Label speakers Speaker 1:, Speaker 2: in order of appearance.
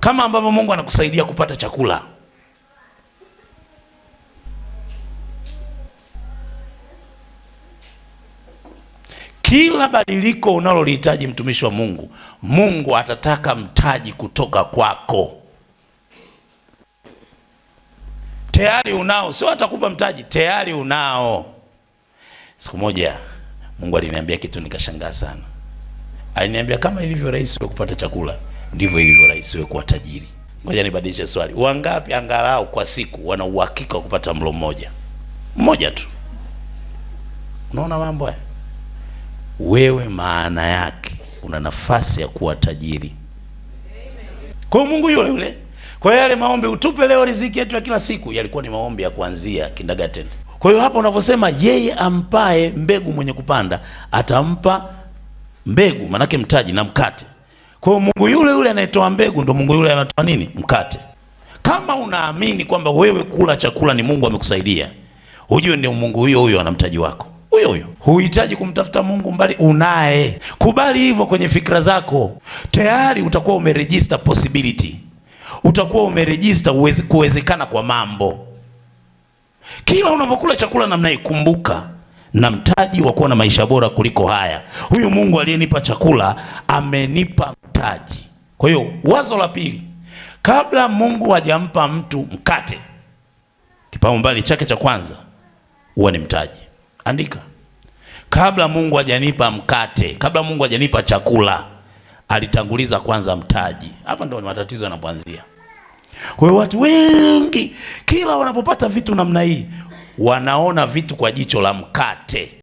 Speaker 1: kama ambavyo Mungu anakusaidia kupata chakula. Kila badiliko unalolihitaji mtumishi wa Mungu, Mungu atataka mtaji kutoka kwako. Tayari unao, sio atakupa mtaji, tayari unao. Siku moja Mungu aliniambia kitu nikashangaa sana. Aliniambia kama ilivyo rahisi kupata chakula Ndivyo ilivyo rahisi wewe kuwa tajiri. Ngoja nibadilishe swali, wangapi angalau kwa siku wana uhakika wa kupata mlo mmoja mmoja tu? Unaona mambo haya, wewe maana yake una nafasi ya kuwa tajiri kwa Mungu yule yule. Kwa yale maombi utupe leo riziki yetu ya kila siku yalikuwa ni maombi ya kuanzia kindergarten. Kwa hiyo hapa unavyosema yeye ampae mbegu mwenye kupanda atampa mbegu, manake mtaji na mkate kwa Mungu yule yule anayetoa mbegu ndo Mungu yule anatoa nini? Mkate. Kama unaamini kwamba wewe kula chakula ni Mungu amekusaidia, hujue ndio Mungu huyo huyo ana mtaji wako huyo huyo, huhitaji kumtafuta Mungu mbali, unaye. Kubali hivyo kwenye fikra zako, tayari utakuwa umerejista possibility, utakuwa umerejista kuwezekana kwa mambo. Kila unapokula chakula namna, ikumbuka na mtaji wa kuwa na maisha bora kuliko haya. Huyu Mungu aliyenipa chakula amenipa mahitaji. Kwa hiyo wazo la pili, kabla Mungu hajampa mtu mkate, kipaumbele chake cha kwanza huwa ni mtaji. Andika, kabla Mungu hajanipa mkate, kabla Mungu hajanipa chakula, alitanguliza kwanza mtaji. Hapa ndio matatizo yanapoanzia. Kwa hiyo watu wengi kila wanapopata vitu namna hii, wanaona vitu kwa jicho la mkate.